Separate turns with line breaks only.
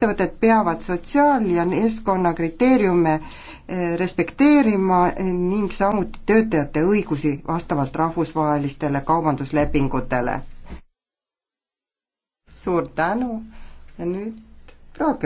ettevõtted peavad sotsiaal- ja keskkonnakriteeriume eh, respekteerima ning samuti töötajate õigusi vastavalt rahvusvahelistele kaubanduslepingutele. suur tänu ja nüüd
proua